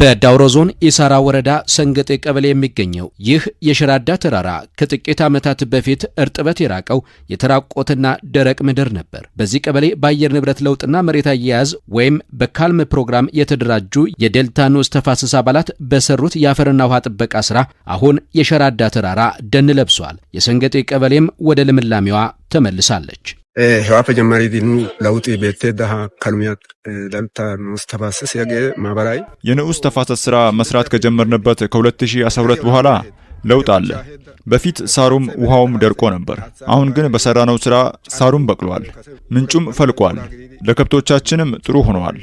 በዳውሮ ዞን የሳራ ወረዳ ሰንገጤ ቀበሌ የሚገኘው ይህ የሽራዳ ተራራ ከጥቂት ዓመታት በፊት እርጥበት የራቀው የተራቆትና ደረቅ ምድር ነበር። በዚህ ቀበሌ በአየር ንብረት ለውጥና መሬት አያያዝ ወይም በካልም ፕሮግራም የተደራጁ የዴልታ ኑስ ተፋሰስ አባላት በሰሩት የአፈርና ውሃ ጥበቃ ሥራ አሁን የሸራዳ ተራራ ደን ለብሷል። የሰንገጤ ቀበሌም ወደ ልምላሜዋ ተመልሳለች። ህዋፈ ጀማሪ ዲኑ ለውጢ ቤቴ ዳሃ ከሉሚያት ለልታ ንዑስ ተፋሰስ የማህበራዊ የንዑስ ተፋሰስ ስራ መስራት ከጀመርንበት ከ2012 በኋላ ለውጥ አለ። በፊት ሳሩም ውሃውም ደርቆ ነበር። አሁን ግን በሰራነው ስራ ሳሩም በቅሏል፣ ምንጩም ፈልቋል፣ ለከብቶቻችንም ጥሩ ሆነዋል።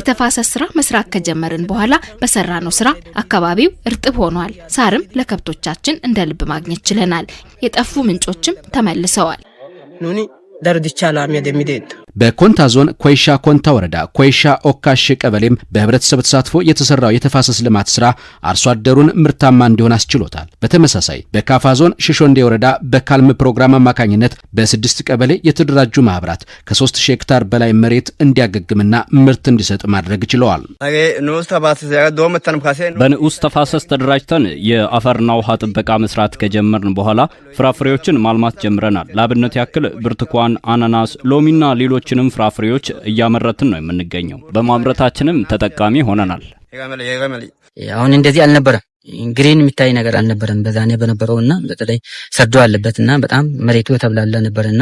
የተፋሰስ ስራ መስራት ከጀመርን በኋላ በሰራነው ስራ አካባቢው እርጥብ ሆኗል። ሳርም ለከብቶቻችን እንደ ልብ ማግኘት ችለናል። የጠፉ ምንጮችም ተመልሰዋል። ኑኒ ደርድቻ ላሚያ በኮንታ ዞን ኮይሻ ኮንታ ወረዳ ኮይሻ ኦካሽ ቀበሌም በህብረተሰብ ተሳትፎ የተሰራው የተፋሰስ ልማት ስራ አርሶ አደሩን ምርታማ እንዲሆን አስችሎታል። በተመሳሳይ በካፋ ዞን ሽሾንዴ ወረዳ በካልም ፕሮግራም አማካኝነት በስድስት ቀበሌ የተደራጁ ማህበራት ከ3000 ሄክታር በላይ መሬት እንዲያገግምና ምርት እንዲሰጥ ማድረግ ችለዋል። በንዑስ ተፋሰስ ተደራጅተን የአፈርና ውሃ ጥበቃ መስራት ከጀመርን በኋላ ፍራፍሬዎችን ማልማት ጀምረናል። ለአብነት ያክል ብርቱካን፣ አናናስ፣ ሎሚና ሌሎች ሌሎችንም ፍራፍሬዎች እያመረትን ነው የምንገኘው። በማምረታችንም ተጠቃሚ ሆነናል። አሁን እንደዚህ አልነበረም። ግሪን የሚታይ ነገር አልነበረም። በዛኔ በነበረውና በተለይ ሰርዶ አለበትና በጣም መሬቱ የተብላለ ነበርና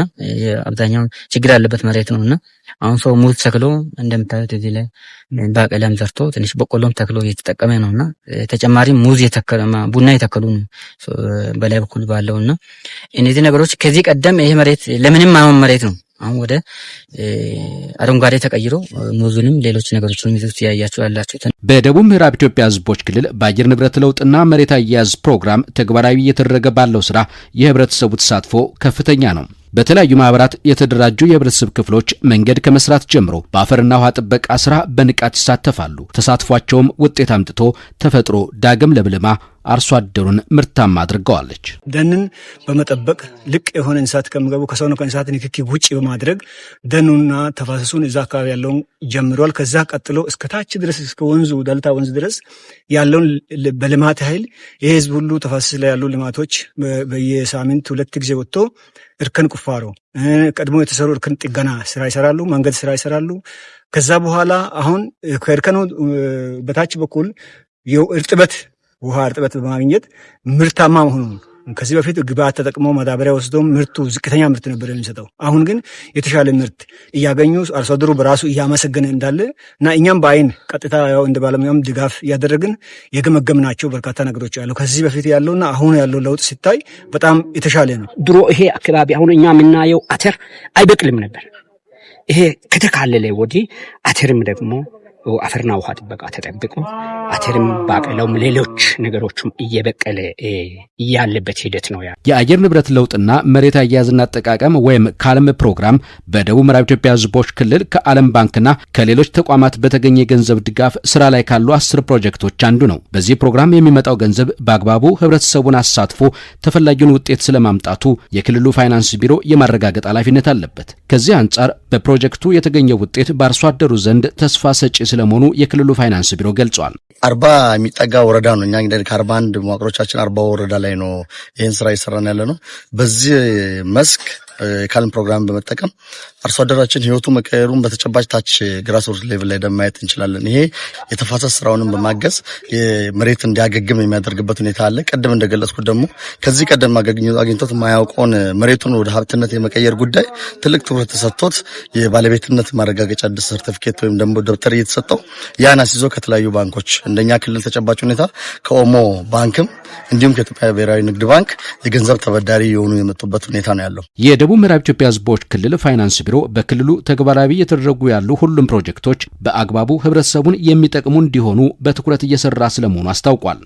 አብዛኛውን ችግር ያለበት መሬት እና አሁን ሰው ሙዝ ተክሎ እንደምታዩት እዚህ ላይ ባቄላም ዘርቶ ትንሽ በቆሎም ተክሎ እየተጠቀመ እና ተጨማሪም ሙዝ የተከለማ ቡና የተከሉ ነው በላይ በኩል እና እነዚህ ነገሮች ከዚህ ቀደም ይሄ መሬት ለምንም አሁን መሬት ነው አሁን ወደ አረንጓዴ ተቀይሮ ሙዙንም ሌሎች ነገሮችን ይዘት እያያችሁ ያላችሁት በደቡብ ምዕራብ ኢትዮጵያ ህዝቦች ክልል በአየር ንብረት ለውጥና መሬት አያያዝ ፕሮግራም ተግባራዊ እየተደረገ ባለው ስራ የህብረተሰቡ ተሳትፎ ከፍተኛ ነው። በተለያዩ ማህበራት የተደራጁ የህብረተሰብ ክፍሎች መንገድ ከመስራት ጀምሮ በአፈርና ውሃ ጥበቃ ስራ በንቃት ይሳተፋሉ። ተሳትፏቸውም ውጤት አምጥቶ ተፈጥሮ ዳግም ለምልማ አርሶ አደሩን ምርታማ አድርገዋለች። ደንን በመጠበቅ ልቅ የሆነ እንስሳት ከሚገቡ ነው ከእንስሳት ንክኪ ውጭ በማድረግ ደኑና ተፋሰሱን እዛ አካባቢ ያለውን ጀምረዋል። ከዛ ቀጥሎ እስከ ታች ድረስ እስከ ወንዙ ዳልታ ወንዝ ድረስ ያለውን በልማት ኃይል የህዝብ ሁሉ ተፋሰስ ላይ ያሉ ልማቶች በየሳምንት ሁለት ጊዜ ወጥቶ እርከን ቁፋሮ፣ ቀድሞ የተሰሩ እርከን ጥገና ስራ ይሰራሉ። መንገድ ስራ ይሰራሉ። ከዛ በኋላ አሁን ከእርከኑ በታች በኩል እርጥበት ውሃ እርጥበት በማግኘት ምርታማ መሆኑን ከዚህ በፊት ግብአት ተጠቅሞ ማዳበሪያ ወስዶ ምርቱ ዝቅተኛ ምርት ነበር የሚሰጠው። አሁን ግን የተሻለ ምርት እያገኙ አርሶ አደሩ በራሱ እያመሰገነ እንዳለ እና እኛም በአይን ቀጥታ ያው እንደ ባለሙያም ድጋፍ እያደረግን የገመገምናቸው በርካታ ነገሮች አሉ። ከዚህ በፊት ያለውና አሁን ያለው ለውጥ ሲታይ በጣም የተሻለ ነው። ድሮ ይሄ አካባቢ አሁን እኛ የምናየው አተር አይበቅልም ነበር። ይሄ ከተካለለ ወዲህ አተርም ደግሞ አፈርና ውሃ ጥበቃ ተጠብቆ አተርም ባቀለውም ሌሎች ነገሮችም እየበቀለ ያለበት ሂደት ነው። ያ የአየር ንብረት ለውጥና መሬት አያያዝና አጠቃቀም ወይም ካልም ፕሮግራም በደቡብ ምዕራብ ኢትዮጵያ ህዝቦች ክልል ከዓለም ባንክና ከሌሎች ተቋማት በተገኘ የገንዘብ ድጋፍ ስራ ላይ ካሉ አስር ፕሮጀክቶች አንዱ ነው። በዚህ ፕሮግራም የሚመጣው ገንዘብ በአግባቡ ህብረተሰቡን አሳትፎ ተፈላጊውን ውጤት ስለማምጣቱ የክልሉ ፋይናንስ ቢሮ የማረጋገጥ ኃላፊነት አለበት። ከዚህ አንጻር በፕሮጀክቱ የተገኘው ውጤት በአርሶ አደሩ ዘንድ ተስፋ ሰጪ ስለመሆኑ የክልሉ ፋይናንስ ቢሮ ገልጿል። አርባ የሚጠጋ ወረዳ ነው። እኛ እንግዲህ ከአርባ አንድ መዋቅሮቻችን አርባ ወረዳ ላይ ነው ይህን ስራ እየሰራን ያለ ነው። በዚህ መስክ የካልን ፕሮግራም በመጠቀም አርሶ አደራችን ህይወቱ መቀየሩን በተጨባጭ ታች ግራስሮት ሌቭል ላይ ማየት እንችላለን። ይሄ የተፋሰስ ስራውንም በማገዝ መሬት እንዲያገግም የሚያደርግበት ሁኔታ አለ። ቀደም እንደገለጽኩት ደግሞ ከዚህ ቀደም አግኝቶት የማያውቀውን መሬቱን ወደ ሀብትነት የመቀየር ጉዳይ ትልቅ ትኩረት ተሰጥቶት የባለቤትነት ማረጋገጫ አዲስ ሰርቲፊኬት ወይም ደግሞ ደብተር እየተሰጠው ያን አስይዞ ከተለያዩ ባንኮች እንደኛ ክልል ተጨባጭ ሁኔታ ከኦሞ ባንክም እንዲሁም ከኢትዮጵያ ብሔራዊ ንግድ ባንክ የገንዘብ ተበዳሪ የሆኑ የመጡበት ሁኔታ ነው ያለው። የደቡብ ምዕራብ ኢትዮጵያ ህዝቦች ክልል ፋይናንስ ቢሮ በክልሉ ተግባራዊ እየተደረጉ ያሉ ሁሉም ፕሮጀክቶች በአግባቡ ህብረተሰቡን የሚጠቅሙ እንዲሆኑ በትኩረት እየሰራ ስለመሆኑ አስታውቋል።